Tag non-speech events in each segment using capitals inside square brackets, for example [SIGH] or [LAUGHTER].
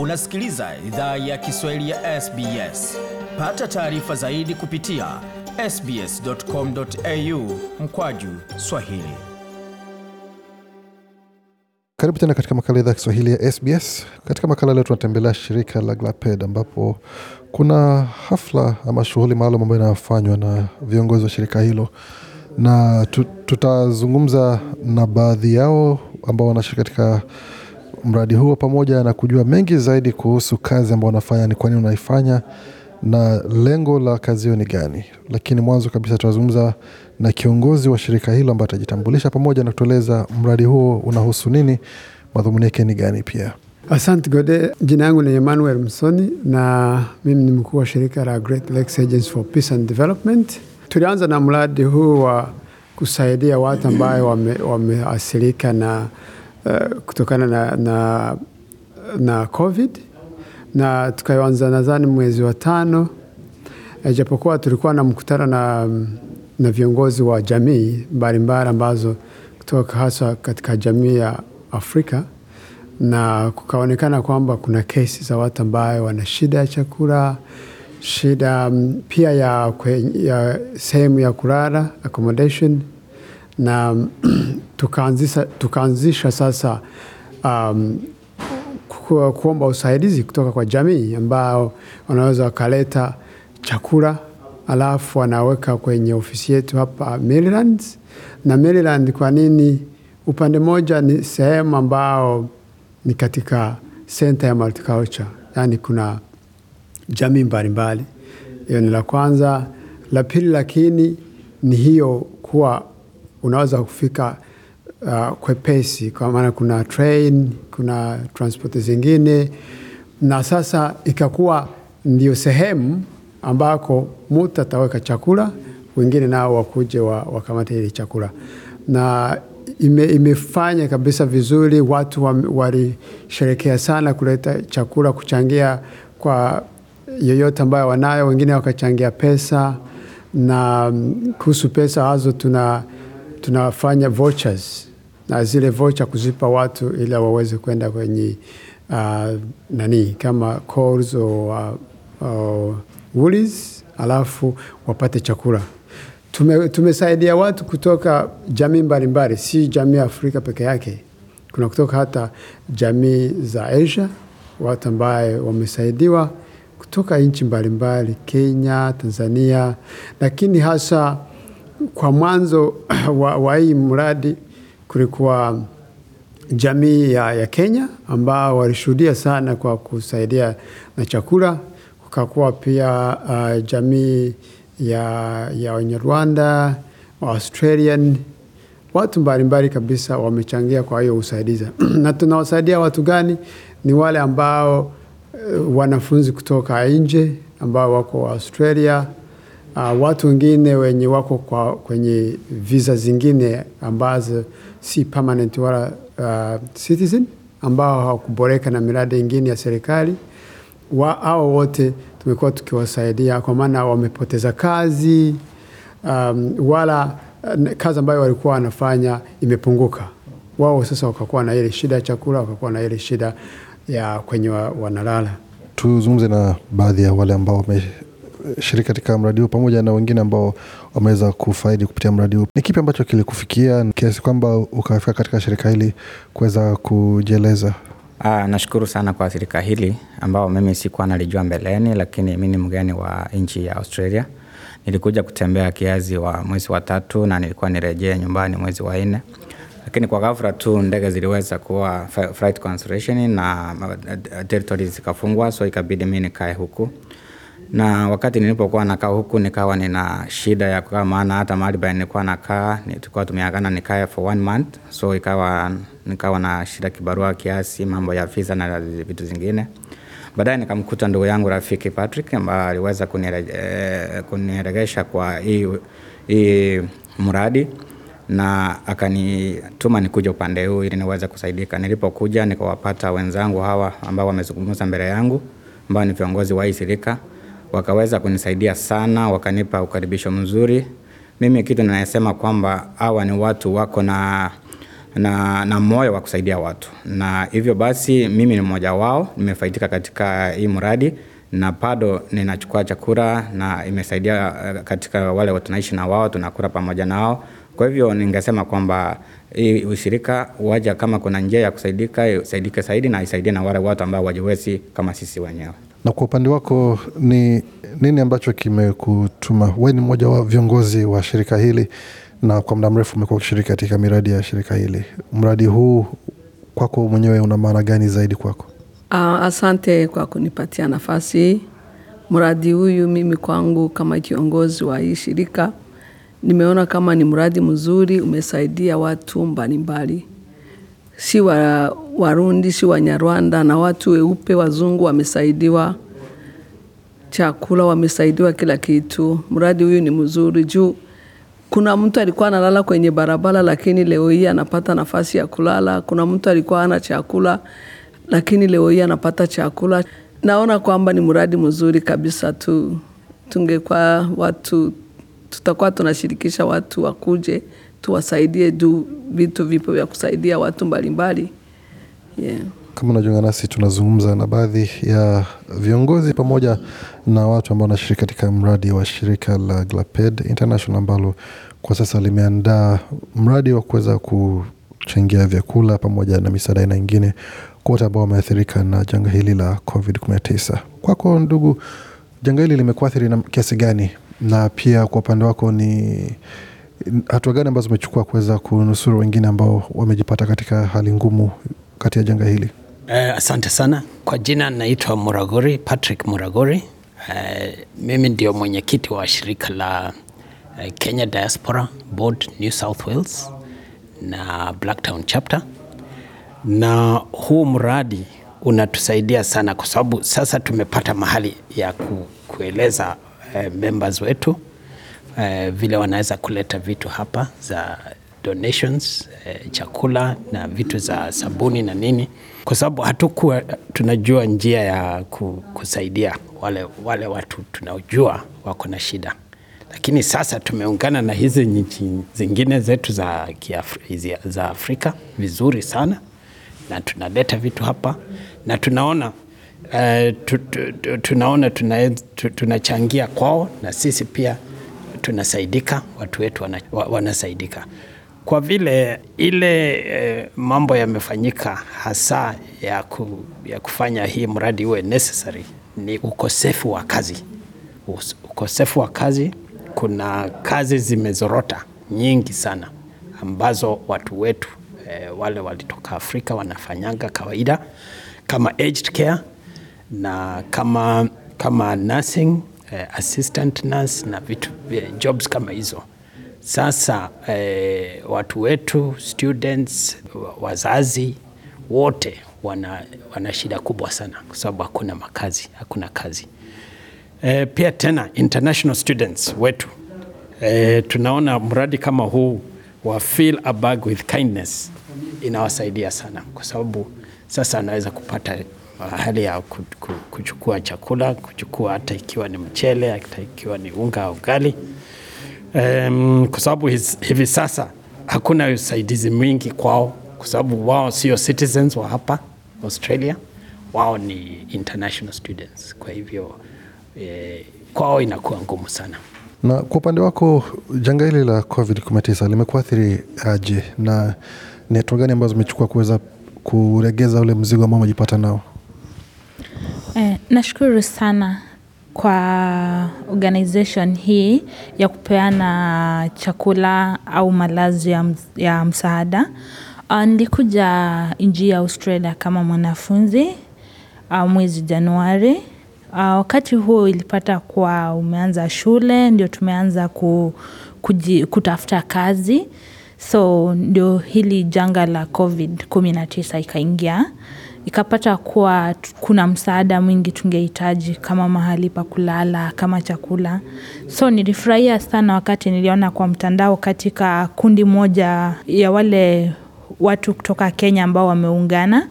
Unasikiliza idhaa ya Kiswahili ya SBS. Pata taarifa zaidi kupitia sbs.com.au mkwaju swahili. Karibu tena katika makala idhaa ya Kiswahili ya SBS. Katika makala leo tunatembelea shirika la Glaped ambapo kuna hafla ama shughuli maalum ambayo inayofanywa na viongozi wa shirika hilo na tutazungumza na baadhi yao ambao wanashiriki katika mradi huo pamoja na kujua mengi zaidi kuhusu kazi ambayo unafanya, ni kwa nini unaifanya na lengo la kazi hiyo ni gani. Lakini mwanzo kabisa tunazungumza na kiongozi wa shirika hilo ambaye atajitambulisha pamoja na kutueleza mradi huo unahusu nini, madhumuni yake ni gani pia. Asante Gode. Jina yangu ni Emmanuel Msoni na mimi ni mkuu wa shirika la Great Lakes Agency for Peace and Development. Tulianza na mradi huu wa kusaidia watu ambayo wameathirika wame na Eh, kutokana na, na, na COVID na tukaanza nadhani mwezi wa tano eh, japokuwa tulikuwa na mkutano na, na viongozi wa jamii mbalimbali ambazo kutoka haswa katika jamii ya Afrika na kukaonekana kwamba kuna kesi za watu ambayo wana shida ya chakula, shida mm, pia ya, ya sehemu ya kulala accommodation na [CLEARS THROAT] tukaanzisha, tukaanzisha sasa um, kuomba usaidizi kutoka kwa jamii ambao wanaweza wakaleta chakula alafu wanaweka kwenye ofisi yetu hapa Maryland. Na Maryland, kwa nini? Upande moja ni sehemu ambao ni katika senta ya multiculture, yaani kuna jamii mbalimbali. Hiyo ni la kwanza. La pili lakini ni hiyo kuwa unaweza kufika uh, kwepesi, kwa maana kuna train, kuna transport zingine, na sasa ikakuwa ndio sehemu ambako mutu ataweka chakula, wengine nao wakuje wakamata wa ile chakula na ime, imefanya kabisa vizuri. Watu walisherekea sana kuleta chakula, kuchangia kwa yoyote ambayo wanayo, wengine wakachangia pesa. Na mm, kuhusu pesa, wazo tuna tunafanya vouchers na zile voucher kuzipa watu ili waweze kwenda kwenye uh, nani kama Coles au uh, Woolies alafu wapate chakula. Tume, tumesaidia watu kutoka jamii mbalimbali, si jamii ya Afrika peke yake, kuna kutoka hata jamii za Asia, watu ambaye wamesaidiwa kutoka nchi mbalimbali, Kenya, Tanzania, lakini hasa kwa mwanzo wa, wa hii mradi kulikuwa jamii ya, ya Kenya ambao walishuhudia sana kwa kusaidia na chakula. Kukakuwa pia uh, jamii ya, ya Wanyarwanda, Australian, watu mbalimbali kabisa wamechangia kwa hiyo usaidizi [CLEARS THROAT] na tunawasaidia watu gani? Ni wale ambao uh, wanafunzi kutoka nje ambao wako Australia uh, watu wengine wenye wako kwa, kwenye visa zingine ambazo si permanent wala uh, citizen ambao hawakuboreka na miradi ingine ya serikali wa, au wote tumekuwa tukiwasaidia kwa maana wamepoteza kazi um, wala eh, kazi ambayo walikuwa wanafanya imepunguka. Wao sasa wakakuwa na ile shida ya chakula, wakakuwa na ile shida ya kwenye wanalala. Tuzungumze na baadhi ya wale ambao kushiriki katika mradi huu pamoja na wengine ambao wameweza kufaidi kupitia mradi huu. Ni kipi ambacho kilikufikia kiasi kwamba ukafika katika shirika hili kuweza kujieleza? Aa, ah, nashukuru sana kwa shirika hili ambao mimi sikuwa nalijua mbeleni, lakini mi ni mgeni wa nchi ya Australia. Nilikuja kutembea kiazi wa mwezi wa tatu na nilikuwa nirejee nyumbani mwezi wa nne lakini kwa ghafla tu ndege ziliweza kuwa flight cancellation na uh, uh, territories zikafungwa, so ikabidi mi nikae huku na wakati nilipokuwa nakaa huku nikawa nina shida ya kukaa, maana hata mahali penye nilikuwa nakaa tulikuwa tumeagana nikae for one month, so ikawa nikawa na shida kibarua kiasi, mambo ya visa na vitu zingine. Baadaye nikamkuta ndugu yangu rafiki Patrick ambaye aliweza kunielegesha eh, kwa hii, hii mradi na akanituma nikuja upande huu ili niweze kusaidika. Nilipokuja nikawapata wenzangu hawa ambao wamezungumza mbele yangu ambao ni viongozi wa hii shirika wakaweza kunisaidia sana, wakanipa ukaribisho mzuri. Mimi kitu ninayesema kwamba hawa ni watu wako na, na, na moyo wa kusaidia watu, na hivyo basi mimi ni mmoja wao, nimefaidika katika hii mradi na bado ninachukua chakula na imesaidia eh, katika wale naishi na wao, tunakula pamoja nao. Kwa hivyo ningesema kwamba hii ushirika waja, kama kuna njia ya kusaidika, isaidike zaidi na isaidie na wale watu ambao wajiwezi kama sisi wenyewe. Na kwa upande wako ni nini ambacho kimekutuma wewe ni mmoja wa viongozi wa shirika hili na kwa muda mrefu umekuwa ukishiriki katika miradi ya shirika hili. Mradi huu kwako mwenyewe una maana gani zaidi kwako? Uh, asante kwa kunipatia nafasi. Mradi huyu mimi kwangu kama kiongozi wa hii shirika nimeona kama ni mradi mzuri, umesaidia watu mbalimbali si wa, Warundi si Wanyarwanda na watu weupe wazungu wamesaidiwa chakula, wamesaidiwa kila kitu. Mradi huyu ni mzuri juu kuna mtu alikuwa analala kwenye barabara, lakini leo hii anapata nafasi ya kulala. Kuna mtu alikuwa ana chakula, lakini leo hii anapata chakula. Naona kwamba ni mradi mzuri kabisa tu. Tungekuwa watu tutakuwa tunashirikisha watu wakuje tuwasaidie juu vitu vipo vya kusaidia watu mbalimbali mbali. Yeah. Kama unajiunga nasi, tunazungumza na baadhi ya viongozi pamoja na watu ambao wanashiriki katika mradi wa shirika la Glaped International ambalo kwa sasa limeandaa mradi wa kuweza kuchangia vyakula pamoja na misaada aina ingine kwa wote ambao wameathirika na janga hili la COVID-19. Kwako ndugu, janga hili limekuathiri na kiasi gani, na pia kwa upande wako ni hatua gani ambazo umechukua kuweza kunusuru wengine ambao wamejipata katika hali ngumu kati ya janga hili? Eh, asante sana. Kwa jina naitwa Muragori, Patrick Muragori. Eh, mimi ndio mwenyekiti wa shirika la eh, Kenya Diaspora Board New South Wales na Blacktown chapter, na huu mradi unatusaidia sana kwa sababu sasa tumepata mahali ya kueleza eh, members wetu eh, vile wanaweza kuleta vitu hapa za donations eh, chakula na vitu za sabuni na nini, kwa sababu hatukuwa tunajua njia ya kusaidia wale, wale watu tunaojua wako na shida, lakini sasa tumeungana na hizi nchi zingine zetu za, Afri, za Afrika vizuri sana na tunaleta vitu hapa na tunaona eh, tu, tu, tu, tunaona tunachangia kwao na sisi pia tunasaidika, watu wetu wana, wanasaidika kwa vile ile e, mambo yamefanyika hasa ya, ku, ya kufanya hii mradi uwe necessary ni ukosefu wa kazi. Ukosefu wa kazi, kuna kazi zimezorota nyingi sana ambazo watu wetu e, wale walitoka Afrika wanafanyanga kawaida kama aged care na kama, kama nursing eh, assistant nurse na vitu eh, jobs kama hizo. Sasa eh, watu wetu students, wazazi wote wana, wana shida kubwa sana kwa sababu hakuna makazi, hakuna kazi eh, pia tena international students wetu eh, tunaona mradi kama huu wa Fill a Bag with Kindness inawasaidia sana kwa sababu sasa anaweza kupata hali ya kuchukua chakula, kuchukua hata ikiwa ni mchele, hata ikiwa ni unga au ugali um, kwa sababu hivi sasa hakuna usaidizi mwingi kwao, kwa sababu wao sio citizens wa hapa Australia, wao ni international students. Kwa hivyo e, kwao inakuwa ngumu sana. Na kwa upande wako, janga hili la COVID-19 limekuathiri aje, na ni hatua gani ambazo zimechukua kuweza kuregeza ule mzigo ambao umejipata nao? Nashukuru sana kwa organization hii ya kupeana chakula au malazi ya msaada. Ah, nilikuja nchi ya Australia kama mwanafunzi ah, mwezi januari. Ah, wakati huo ilipata kuwa umeanza shule, ndio tumeanza kutafuta kazi. So ndio hili janga la COVID-19 ikaingia ikapata kuwa kuna msaada mwingi tungehitaji kama mahali pa kulala, kama chakula. So nilifurahia sana wakati niliona kwa mtandao katika kundi moja ya wale watu kutoka Kenya ambao wameungana.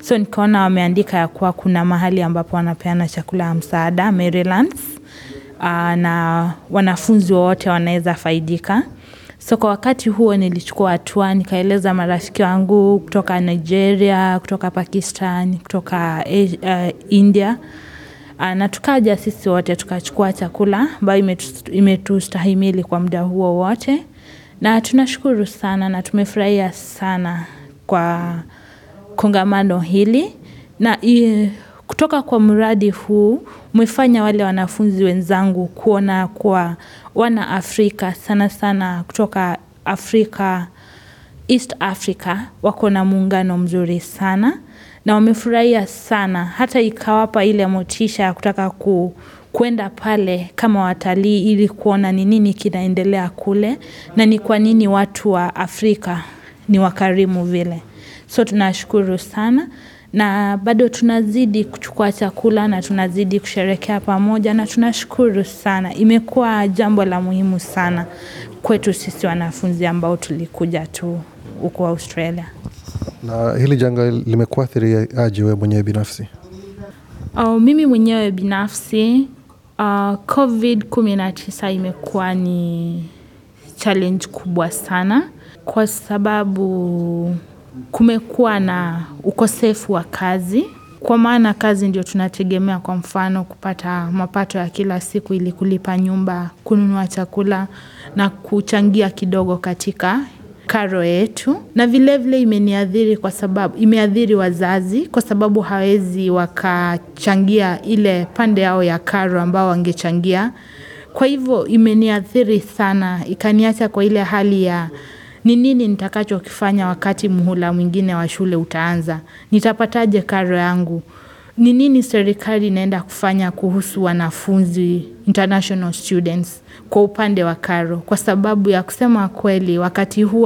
So nikaona wameandika ya kuwa kuna mahali ambapo wanapeana chakula ya msaada, Marylands, ah, na wanafunzi wowote wanaweza faidika. So kwa wakati huo nilichukua hatua, nikaeleza marafiki wangu kutoka Nigeria, kutoka Pakistan, kutoka Asia, uh, India uh, na tukaja sisi wote tukachukua chakula ambayo imetustahimili kwa muda huo wote, na tunashukuru sana na tumefurahia sana kwa kongamano hili na kutoka kwa mradi huu, umefanya wale wanafunzi wenzangu kuona kuwa wana Afrika sana sana kutoka Afrika, East Africa, wako na muungano mzuri sana. Na wamefurahia sana hata ikawapa ile motisha ya kutaka kuenda pale kama watalii ili kuona ni nini kinaendelea kule na ni kwa nini watu wa Afrika ni wakarimu vile. So tunashukuru sana na bado tunazidi kuchukua chakula na tunazidi kusherekea pamoja na tunashukuru sana. Imekuwa jambo la muhimu sana kwetu sisi wanafunzi ambao tulikuja tu huko Australia. Na hili janga limekuathiri aje wewe mwenyewe binafsi? Oh, mimi mwenyewe binafsi uh, COVID 19 imekuwa ni challenge kubwa sana kwa sababu kumekuwa na ukosefu wa kazi kwa maana kazi ndio tunategemea kwa mfano kupata mapato ya kila siku ili kulipa nyumba, kununua chakula na kuchangia kidogo katika karo yetu. Na vilevile vile imeniadhiri kwa sababu, imeadhiri wazazi kwa sababu hawezi wakachangia ile pande yao ya karo ambao wangechangia. Kwa hivyo imeniathiri sana, ikaniacha kwa ile hali ya ni nini nitakachokifanya wakati muhula mwingine wa shule utaanza? Nitapataje karo yangu? Ni nini serikali inaenda kufanya kuhusu wanafunzi, international students, kwa upande wa karo? Kwa sababu ya kusema kweli, wakati huu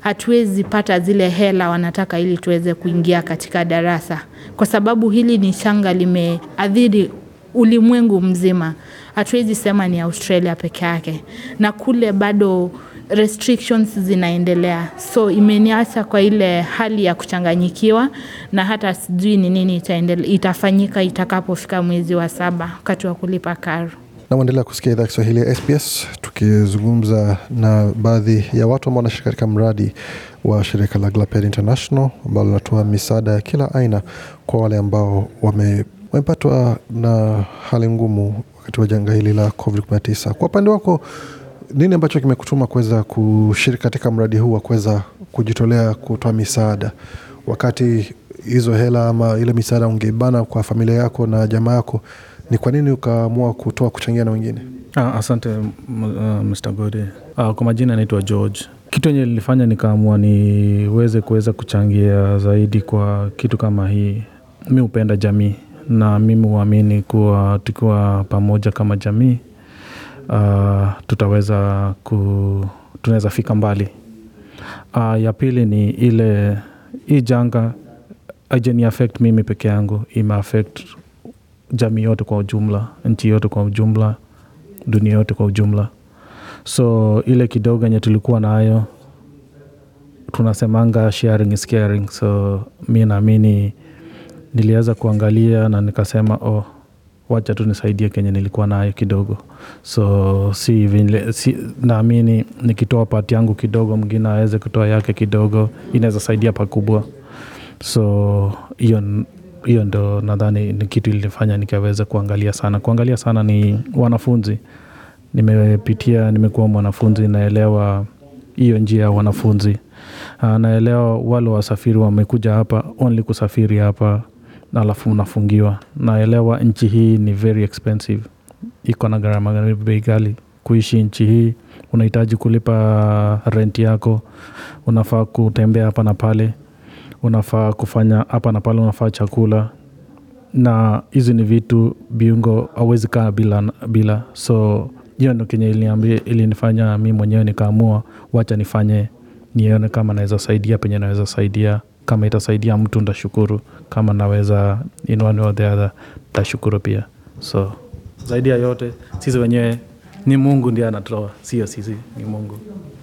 hatuwezi pata zile hela wanataka ili tuweze kuingia katika darasa. Kwa sababu hili ni changa limeathiri ulimwengu mzima. Hatuwezi sema ni Australia peke yake. Na kule bado restrictions zinaendelea, so imeniacha kwa ile hali ya kuchanganyikiwa, na hata sijui ni nini itafanyika itakapofika mwezi wa saba wakati wa kulipa karo. Namwendelea kusikia idhaa Kiswahili ya SBS tukizungumza na baadhi ya watu ambao wanashiriki katika mradi wa shirika la Glaped International ambalo linatoa misaada ya kila aina kwa wale ambao wame wamepatwa na hali ngumu wakati wa janga hili la COVID-19. Kwa upande wako nini ambacho kimekutuma kuweza kushiriki katika mradi huu wa kuweza kujitolea kutoa misaada, wakati hizo hela ama ile misaada ungebana kwa familia yako na jamaa yako, ni kwa nini ukaamua kutoa kuchangia na wengine? Ah, asante uh, Mr. Gode. Ah, kwa majina anaitwa George. Kitu enye lilifanya nikaamua niweze kuweza kuchangia zaidi kwa kitu kama hii, mi hupenda jamii na mimi huamini kuwa tukiwa pamoja kama jamii uh, tutaweza ku, tunaweza fika mbali. Uh, ya pili ni ile hii janga ajeni affect mimi peke yangu, ime affect jamii yote kwa ujumla, nchi yote kwa ujumla, dunia yote kwa ujumla. So ile kidogo enye tulikuwa nayo tunasemanga sharing is caring. So mi naamini niliweza kuangalia na nikasema oh wacha tu nisaidie kenye nilikuwa nayo kidogo so si si, naamini nikitoa pati yangu kidogo mwingine aweze kutoa yake kidogo inaweza saidia pakubwa so hiyo ndo nadhani ni kitu ilifanya nikaweza kuangalia sana kuangalia sana ni wanafunzi nimepitia nimekuwa mwanafunzi naelewa hiyo njia ya wanafunzi ah, naelewa wale wasafiri wamekuja hapa only kusafiri hapa alafu unafungiwa. Naelewa nchi hii ni very expensive, iko na gharama bei gali kuishi nchi hii. Unahitaji kulipa rent yako, unafaa kutembea hapa na pale, unafaa kufanya hapa na pale, unafaa chakula na hizi ni vitu biungo awezi kaa bila, bila. So hiyo ndo kenye ilinifanya mi mwenyewe nikaamua wacha nifanye nione kama naweza saidia penye naweza saidia kama itasaidia mtu ntashukuru, kama naweza in one or the other ntashukuru pia. So zaidi ya yote sisi wenyewe ni Mungu ndiye anatoa, sio sisi, ni Mungu.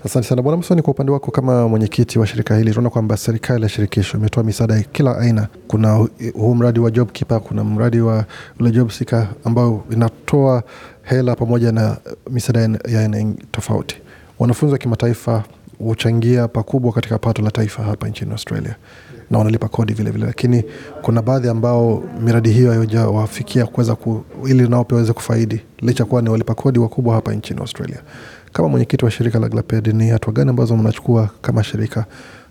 Asante sana Bwana Msoni, kwa upande wako kama mwenyekiti wa shirika hili, tunaona kwamba serikali ya shirikisho imetoa misaada ya kila aina. Kuna huu mradi wa Job Keeper, kuna mradi wa ule Job Seeker ambao inatoa hela pamoja na misaada ya aina tofauti. Wanafunzi wa kimataifa huchangia pakubwa katika pato la taifa hapa nchini Australia na wanalipa kodi vilevile, lakini kuna baadhi ambao miradi hiyo haijawafikia kuweza ku, ili nao pia waweze kufaidi licha kuwa ni walipa kodi wakubwa hapa nchini Australia. Kama mwenyekiti wa shirika la Glaped, ni hatua gani ambazo mnachukua kama shirika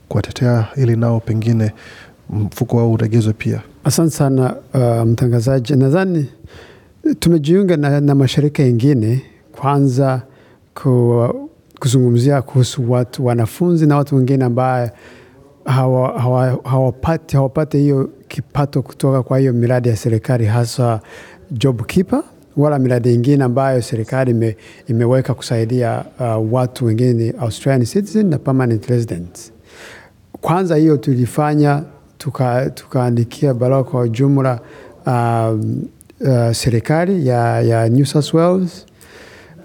kuwatetea ili nao pengine mfuko wao uregezwe pia? Asante sana uh, mtangazaji. Nadhani tumejiunga na, na mashirika yengine kwanza ku, kuzungumzia kuhusu watu wanafunzi na watu wengine ambaye hawapati hawa, hawa hawapate hiyo kipato kutoka kwa hiyo miradi ya serikali hasa job keeper wala miradi ingine ambayo serikali ime, imeweka kusaidia uh, watu wengine Australian citizen na permanent Kwanza hiyo tulifanya tukaandikia tuka barua kwa jumla uh, uh, serikali ya, ya New South Wales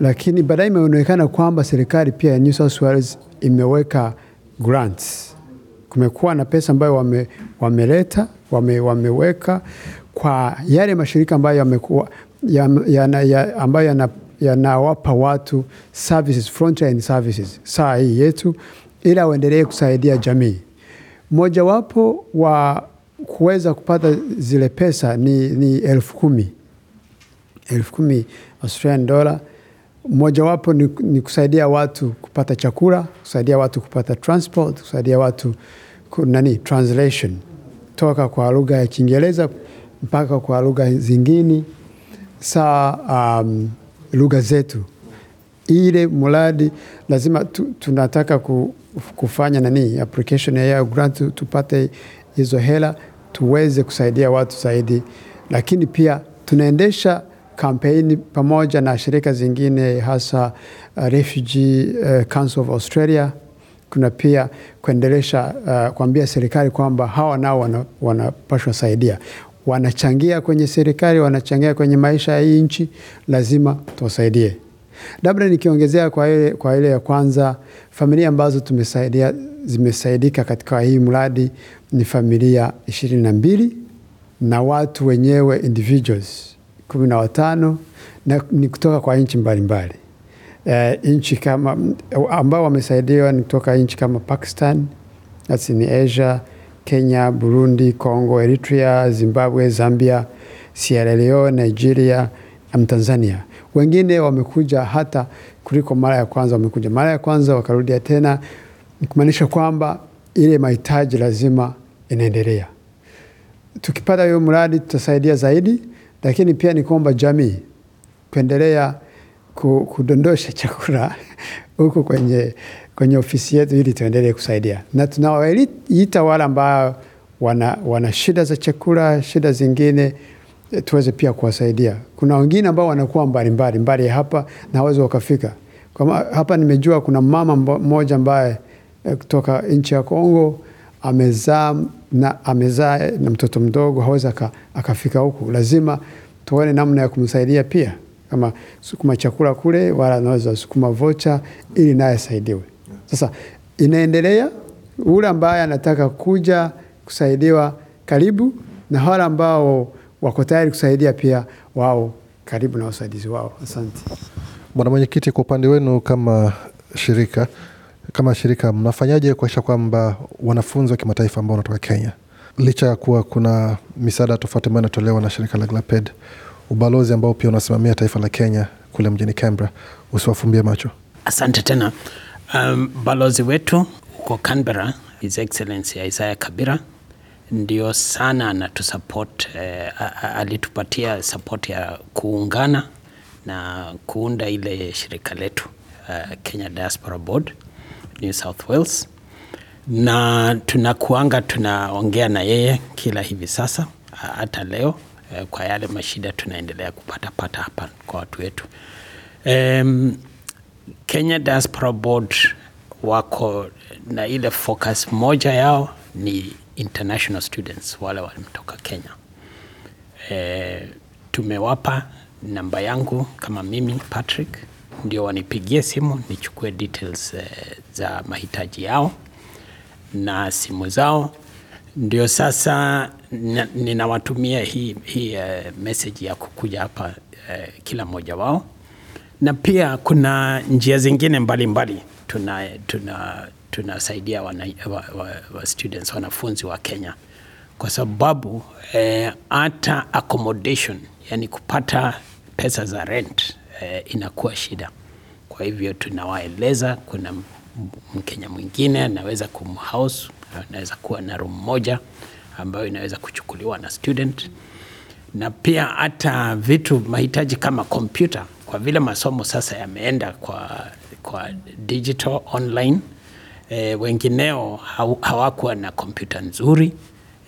lakini baadaye imeonekana kwamba serikali pia ya New South Wales imeweka grants. Kumekuwa na pesa ambayo wame, wameleta wame, wameweka kwa yale mashirika ambayo yamekuwa ya, ya, ya, ambayo yana yanawapa watu services, frontline services saa hii yetu, ili waendelee kusaidia jamii. Mojawapo wa kuweza kupata zile pesa ni, ni elfu kumi elfu kumi Australian dollar mojawapo ni, ni kusaidia watu kupata chakula, kusaidia watu kupata transport, kusaidia watu nani, translation toka kwa lugha ya Kiingereza mpaka kwa lugha zingine saa um, lugha zetu. Ile mradi lazima tu, tunataka kufanya nani application ya grant, tupate hizo hela tuweze kusaidia watu zaidi, lakini pia tunaendesha kampeni pamoja na shirika zingine hasa uh, Refugee uh, Council of Australia. Kuna pia kuendelesha uh, kuambia serikali kwamba hawa nao wanapashwa wana saidia, wanachangia kwenye serikali, wanachangia kwenye maisha ya hii nchi, lazima tuwasaidie. Labda nikiongezea kwa ile kwa ile ya kwanza, familia ambazo tumesaidia zimesaidika katika hii mradi ni familia ishirini na mbili na watu wenyewe individuals kumi na watano na ni kutoka kwa nchi mbalimbali e, nchi kama ambao wamesaidiwa ni kutoka nchi kama Pakistan, ni Asia, Kenya, Burundi, Congo, Eritrea, Zimbabwe, Zambia, Sierra Leone, Nigeria, na Tanzania. Wengine wamekuja hata kuliko mara ya kwanza, wamekuja mara ya kwanza wakarudia tena, kumaanisha kwamba ile mahitaji lazima inaendelea. Tukipata hiyo mradi tutasaidia zaidi lakini pia ni kuomba jamii kuendelea kudondosha [LAUGHS] chakula huku kwenye, kwenye ofisi yetu ili tuendelee kusaidia, na tunawaita wale ambao wana, wana shida za chakula, shida zingine tuweze pia kuwasaidia. Kuna wengine ambao wanakuwa mbalimbali mbali hapa na hawezi wakafika hapa. Nimejua kuna mama mmoja ambaye eh, kutoka nchi ya Kongo amezaa na, amezaa na mtoto mdogo hawezi akafika huku, lazima tuone namna ya kumsaidia pia, kama sukuma chakula kule, wala anaweza sukuma vocha ili naye asaidiwe. Sasa inaendelea ule ambaye anataka kuja kusaidiwa karibu, na wale ambao wako tayari kusaidia pia wao karibu na wasaidizi wao. Asante bwana mwenyekiti. Kwa upande wenu kama shirika kama shirika mnafanyaje kuakisha kwamba wanafunzi wa kimataifa ambao wanatoka Kenya, licha ya kuwa kuna misaada tofauti ambayo inatolewa na shirika la Glaped, ubalozi ambao pia unasimamia taifa la Kenya kule mjini Canberra usiwafumbie macho? Asante tena. Um, balozi wetu huko Canberra, His Excellency Isaiah Kabira ndio sana anatusupport eh, alitupatia support ya kuungana na kuunda ile shirika letu uh, Kenya Diaspora Board. New South Wales, na tunakuanga tunaongea na yeye kila hivi sasa, hata leo eh, kwa yale mashida tunaendelea kupatapata hapa kwa watu wetu. Um, Kenya Diaspora Board wako na ile focus, moja yao ni international students wale walimtoka Kenya. E, tumewapa namba yangu kama mimi Patrick ndio wanipigie simu nichukue details eh, za mahitaji yao na simu zao, ndio sasa ninawatumia hii, hi, uh, eh, message ya kukuja hapa uh, kila mmoja wao, na pia kuna njia zingine mbalimbali mbali. Tuna, tuna, tunasaidia wana, wa, wa, wa students wanafunzi wa Kenya kwa sababu eh, hata eh, accommodation yani kupata pesa za rent eh, inakuwa shida. Kwa hivyo tunawaeleza, kuna Mkenya mwingine anaweza kumhouse, anaweza kuwa na room moja ambayo inaweza kuchukuliwa na student, na pia hata vitu mahitaji kama kompyuta, kwa vile masomo sasa yameenda kwa, kwa digital online e, wengineo hawakuwa na kompyuta nzuri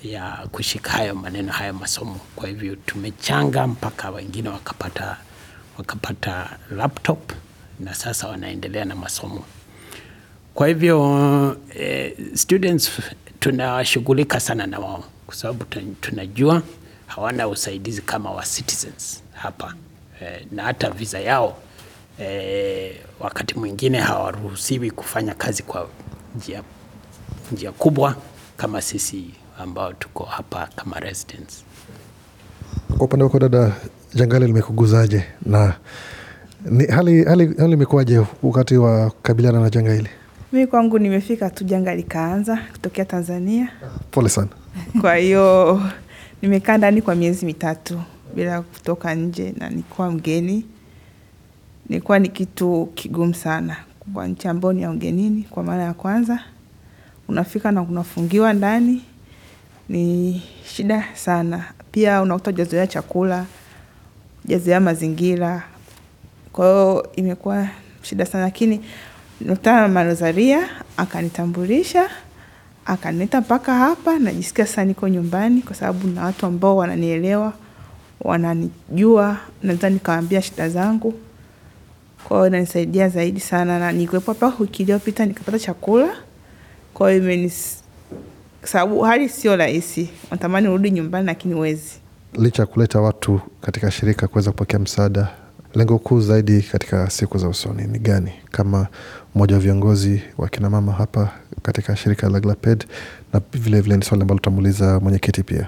ya kushika hayo maneno hayo masomo. Kwa hivyo tumechanga mpaka wengine wakapata wakapata laptop na sasa wanaendelea na masomo. Kwa hivyo eh, students tunashughulika sana na wao kwa sababu tunajua hawana usaidizi kama wa citizens hapa eh, na hata visa yao eh, wakati mwingine hawaruhusiwi kufanya kazi kwa njia, njia kubwa kama sisi ambao tuko hapa kama residents. Kwa upande wako dada hili limekuguzaje na ni, hali, hali, hali imekuwaje wakati wa kukabiliana na janga hili? Mi kwangu nimefika tu janga likaanza kutokea Tanzania. Pole sana. Kwa hiyo nimekaa ndani kwa miezi mitatu bila kutoka nje, na nikuwa mgeni, nilikuwa ni kitu kigumu sana kwa nchi ambayo ni ya ugenini. Kwa mara ya kwanza unafika na unafungiwa ndani, ni shida sana. Pia unakuta ujazoea chakula jazia mazingira. Kwa hiyo imekuwa shida sana, lakini nilikutana na Marozaria akanitambulisha akanileta mpaka hapa. Najisikia sasa niko nyumbani, kwa sababu na watu ambao wananielewa, wananijua, naweza nikawambia shida zangu. Kwa hiyo inanisaidia zaidi sana, na nilikuwepo hapa wiki iliyopita nikapata chakula. Kwa hiyo imenis... sababu hali sio rahisi, natamani urudi nyumbani lakini huwezi licha ya kuleta watu katika shirika kuweza kupokea msaada, lengo kuu zaidi katika siku za usoni ni gani? Kama mmoja wa viongozi wa kinamama hapa katika shirika la Glaped, na vilevile ni swali ambalo tutamuuliza mwenyekiti pia.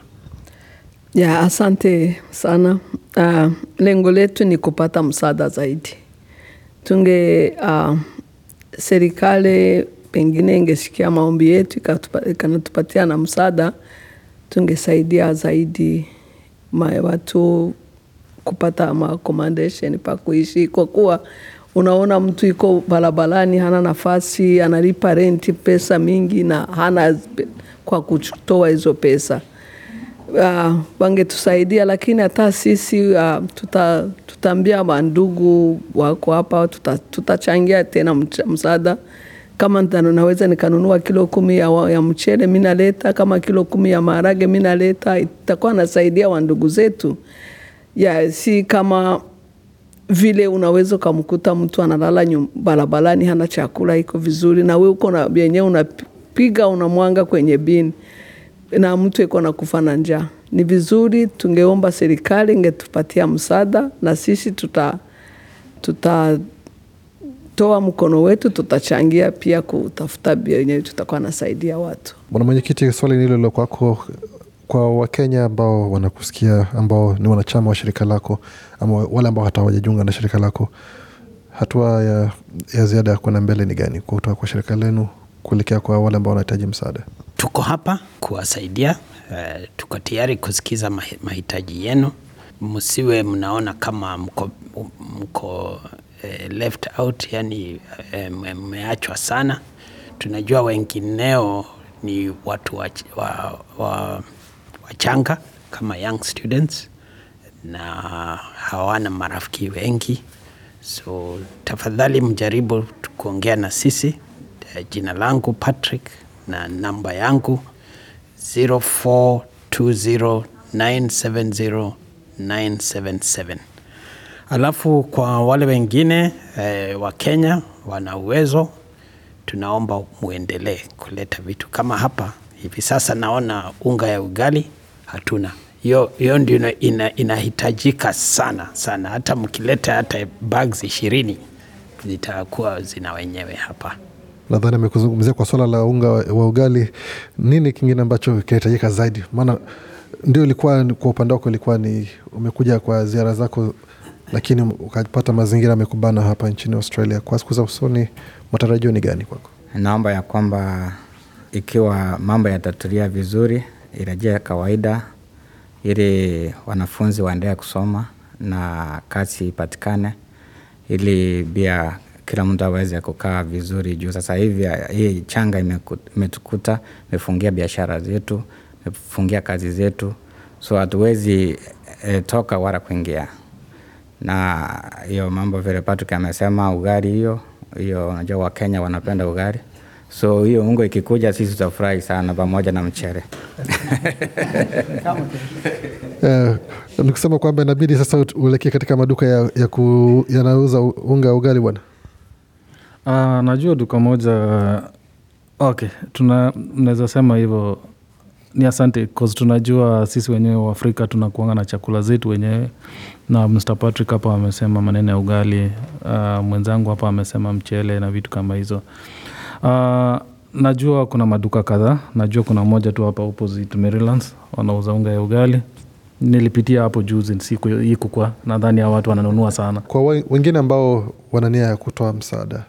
Ya, asante sana. Uh, lengo letu ni kupata msaada zaidi. Tunge uh, serikali pengine ingesikia maombi yetu ikanatupatia na msaada, tungesaidia zaidi ma, watu kupata makomandesheni pa kuishi, kwa kuwa unaona mtu iko barabarani hana nafasi, analipa renti pesa mingi na hana kwa kutoa hizo pesa. Uh, wangetusaidia lakini hata sisi uh, tuta, tutaambia mandugu wako hapa, tutachangia tuta tena msaada kama naweza nikanunua kilo kumi ya, ya mchele minaleta, kama kilo kumi ya maharage minaleta, itakuwa nasaidia wandugu zetu ya, si kama vile unaweza ukamkuta mtu analala barabarani hana chakula iko vizuri, na we uko na vyenye unapiga unamwanga kwenye bini na mtu iko na kufa na njaa. Ni vizuri, tungeomba serikali ingetupatia msaada na sisi tuta tuta tutatoa mkono wetu tutachangia pia kutafuta bia tutakuwa nasaidia watu. Bwana Mwenyekiti, swali nilo la kwako kwa Wakenya ambao wanakusikia ambao ni wanachama wa shirika lako ama wale ambao hata hawajajiunga na shirika lako, hatua ya, ya ziada ya kwenda mbele ni gani kutoka kwa shirika lenu kuelekea kwa wale ambao wanahitaji msaada? Tuko hapa kuwasaidia. Uh, tuko tayari kusikiza mahitaji yenu, msiwe mnaona kama mko, mko Eh, left out, yani eh, mmeachwa sana. Tunajua wengineo ni watu wachanga wa, wa, wa kama young students na hawana marafiki wengi, so tafadhali mjaribu kuongea na sisi. Eh, jina langu Patrick na namba yangu 0420970977. Alafu kwa wale wengine e, wa Kenya wana uwezo, tunaomba muendelee kuleta vitu kama hapa hivi sasa. Naona unga ya ugali hatuna, hiyo ndio ina, inahitajika sana sana. Hata mkileta hata bags ishirini zitakuwa zina wenyewe hapa. Nadhani amekuzungumzia kwa swala la unga wa ugali. Nini kingine ambacho kinahitajika zaidi? Maana ndio ilikuwa kwa upande wako, ilikuwa ni umekuja kwa ziara zako lakini ukapata mazingira amekubana hapa nchini Australia, kwa siku za usoni matarajio ni gani kwako? Naomba ya kwamba ikiwa mambo yatatulia vizuri, irejea kawaida, ili wanafunzi waendelee kusoma na kazi ipatikane, ili pia kila mtu aweze kukaa vizuri, juu sasa hivi hii changa imetukuta, imefungia biashara zetu, imefungia kazi zetu, so hatuwezi e, toka wala kuingia na hiyo mambo vile Patrick amesema ugali hiyo hiyo, unajua Wakenya wanapenda ugali, so hiyo ungo ikikuja, sisi tutafurahi sana pamoja na mchere Uh, [LAUGHS] eh, ni kusema kwamba inabidi sasa uelekee katika maduka ya, ya ku, yanauza unga ugali bwana. Uh, najua duka moja okay, tunaweza sema hivyo ni asante cause tunajua sisi wenyewe waafrika tunakuanga na chakula zetu wenyewe na mr patrick hapa amesema maneno ya ugali uh, mwenzangu hapa amesema mchele na vitu kama hizo uh, najua kuna maduka kadhaa najua kuna moja tu hapa opposite maryland wanauza unga ya ugali nilipitia hapo juzi siku ikukwa nadhani a watu wananunua sana kwa wengine ambao wanania ya kutoa msaada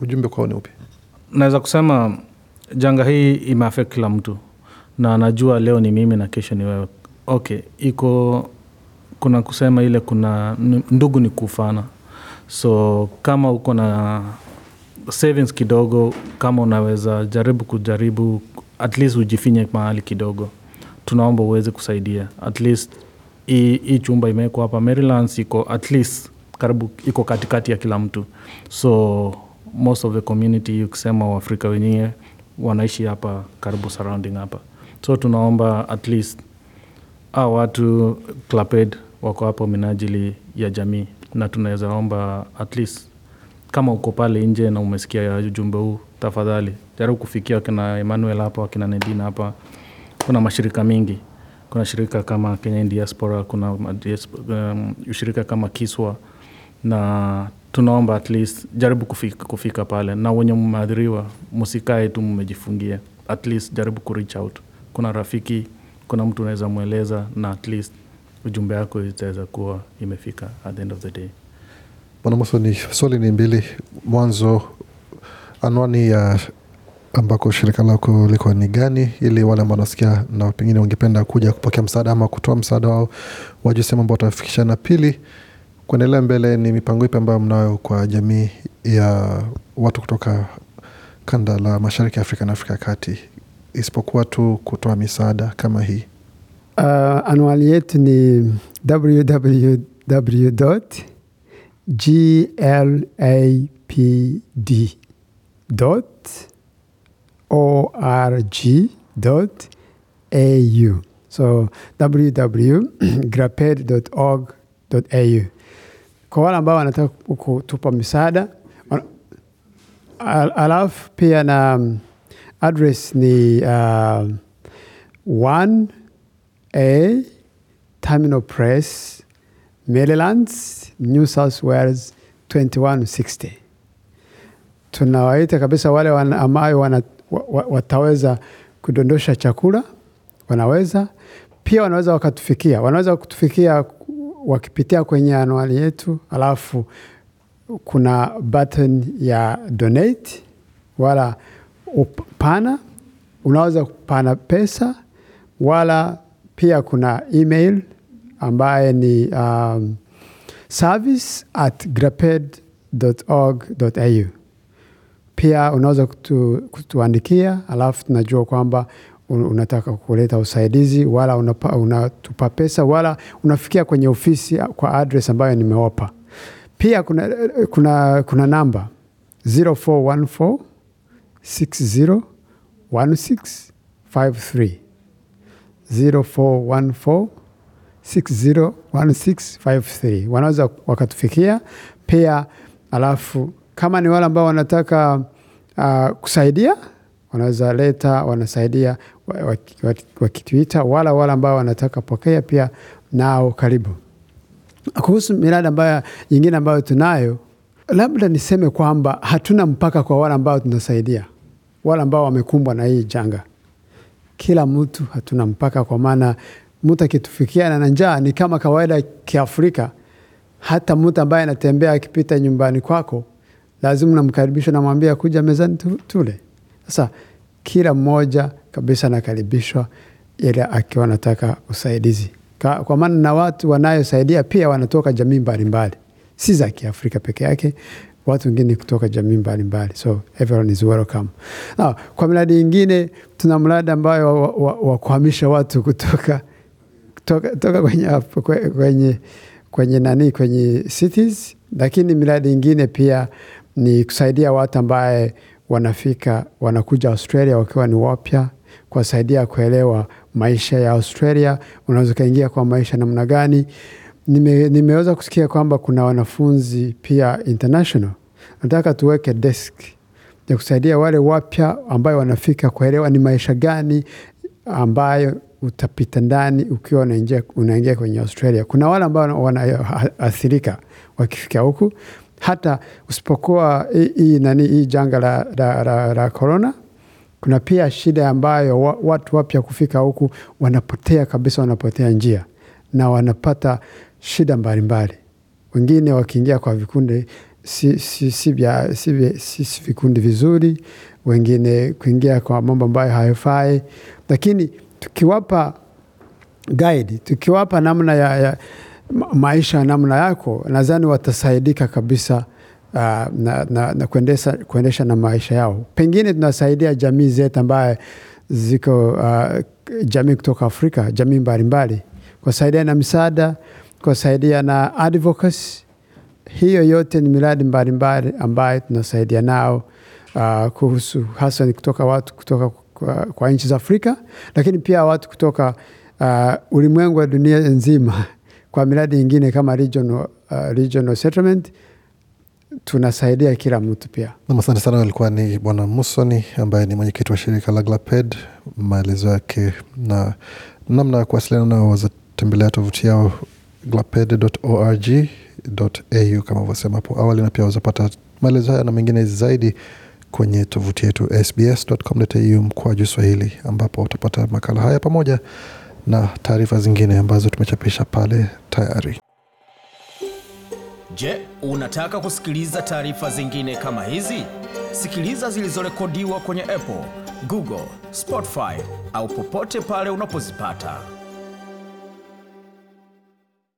ujumbe kwao ni upi naweza kusema janga hii imeafekt kila mtu na anajua leo ni mimi na kesho ni wewe okay iko kuna kusema ile kuna ndugu ni kufana so kama uko na savings kidogo kama unaweza jaribu kujaribu at least ujifinye mahali kidogo tunaomba uweze kusaidia at least hii chumba imewekwa hapa maryland iko at least karibu iko katikati ya kila mtu so most of the community ukisema waafrika wenyewe wanaishi hapa karibu surrounding hapa so tunaomba at least au watu claped wako hapo minajili ya jamii na tunaweza omba at least kama uko pale nje na umesikia ujumbe huu tafadhali jaribu kufikia kina emmanuel hapa akina nedina hapa kuna mashirika mingi kuna shirika kama kenya diaspora kuna um, shirika kama kiswa na tunaomba at least jaribu kufika, kufika pale na wenye mmeadhiriwa msikae tu mmejifungia at least jaribu kureach out kuna rafiki, kuna mtu unaweza mweleza na at least ujumbe yako itaweza kuwa imefika at the end of the day. Bwana Musa, ni swali ni mbili. Mwanzo, anwani ya ambako shirika lako liko ni gani, ili wale ambao wanasikia na pengine wangependa kuja kupokea msaada ama kutoa msaada wao wajue sehemu ambao watafikisha, na pili kuendelea mbele, ni mipango ipi ambayo mnayo kwa jamii ya watu kutoka kanda la mashariki ya Afrika na Afrika ya kati isipokuwa tu kutoa misaada kama hii? Uh, anuali yetu ni www au so www au kwa wale ambao wanataka kutupa misaada, alafu pia na Address ni uh, 1A Terminal Press Maryland, New South Wales 2160. Tunawaita kabisa wale wan, ambayo wana, wataweza kudondosha chakula, wanaweza pia, wanaweza wakatufikia, wanaweza kutufikia wakipitia kwenye anwani yetu, alafu kuna button ya donate wala upana, unaweza kupana pesa, wala pia kuna email ambaye ni um, service at graped.org.au. Pia unaweza kutu, kutuandikia, alafu tunajua kwamba unataka kuleta usaidizi wala unatupa una pesa wala unafikia kwenye ofisi kwa address ambayo nimewapa. Pia kuna, kuna, kuna namba 0414 601653 wanaweza wakatufikia pia. Alafu kama ni wale ambao wanataka uh, kusaidia wanaweza leta, wanasaidia wakituita, wala wale ambao wanataka pokea pia nao karibu. Kuhusu miradi ambayo nyingine ambayo tunayo, labda niseme kwamba hatuna mpaka kwa wale ambao tunasaidia wale ambao wamekumbwa na hii janga. Kila mtu hatuna mpaka, kwa maana mtu akitufikia na njaa ni kama kawaida Kiafrika. Hata mtu ambaye anatembea akipita nyumbani kwako lazima namkaribisha, namwambia kuja mezani tule. Sasa kila mmoja kabisa anakaribishwa ila akiwa anataka usaidizi Ka, kwa maana na watu wanayosaidia pia wanatoka jamii mbalimbali, si za Kiafrika peke yake, watu wengine kutoka jamii mbalimbali, so everyone is welcome. Na kwa miradi ingine tuna mradi ambayo wa, wa, wa kuhamisha watu kutoka kutoka, kutoka kwenye, kwenye, kwenye nani kwenye cities, lakini miradi ingine pia ni kusaidia watu ambaye wanafika wanakuja Australia wakiwa ni wapya, kuwasaidia kuelewa maisha ya Australia, unaweza ukaingia kwa maisha namna gani nime, nimeweza kusikia kwamba kuna wanafunzi pia international. Nataka tuweke desk ya kusaidia wale wapya ambayo wanafika kuelewa ni maisha gani ambayo utapita ndani ukiwa unaingia kwenye Australia. Kuna wale ambao wanaathirika wakifika huku, hata usipokuwa hii nani hii janga la, la, la, la corona kuna pia shida ambayo watu wapya kufika huku wanapotea kabisa, wanapotea njia na wanapata shida mbalimbali mbali. Wengine wakiingia kwa vikundi si, si, si, bia, si, si, si vikundi vizuri, wengine kuingia kwa mambo ambayo hayafai, lakini tukiwapa guide, tukiwapa namna ya, ya maisha namna yako, nadhani watasaidika kabisa. Uh, na, na, na kuendesha, kuendesha na maisha yao. Pengine tunasaidia jamii zetu ambaye ziko uh, jamii kutoka Afrika, jamii mbalimbali, saidia na misaada kusaidia na advocacy. Hiyo yote ni miradi mbalimbali ambayo tunasaidia nao uh, kuhusu hasa ni kutoka watu kutoka kwa, kwa nchi za Afrika, lakini pia watu kutoka uh, ulimwengu wa dunia nzima [LAUGHS] kwa miradi ingine kama regional, uh, regional settlement tunasaidia kila mtu pia. Nam, asante sana. Alikuwa ni Bwana Musoni ambaye ni mwenyekiti wa shirika la Glaped. Maelezo yake na namna ya kuwasiliana nao wazatembelea tovuti yao glaped.org.au kama vyosema hapo awali, na pia wazapata maelezo haya na mengine zaidi kwenye tovuti yetu sbs.com.au mkwaju Swahili, ambapo utapata makala haya pamoja na taarifa zingine ambazo tumechapisha pale tayari. Je, unataka kusikiliza taarifa zingine kama hizi? Sikiliza zilizorekodiwa kwenye Apple, Google, Spotify au popote pale unapozipata.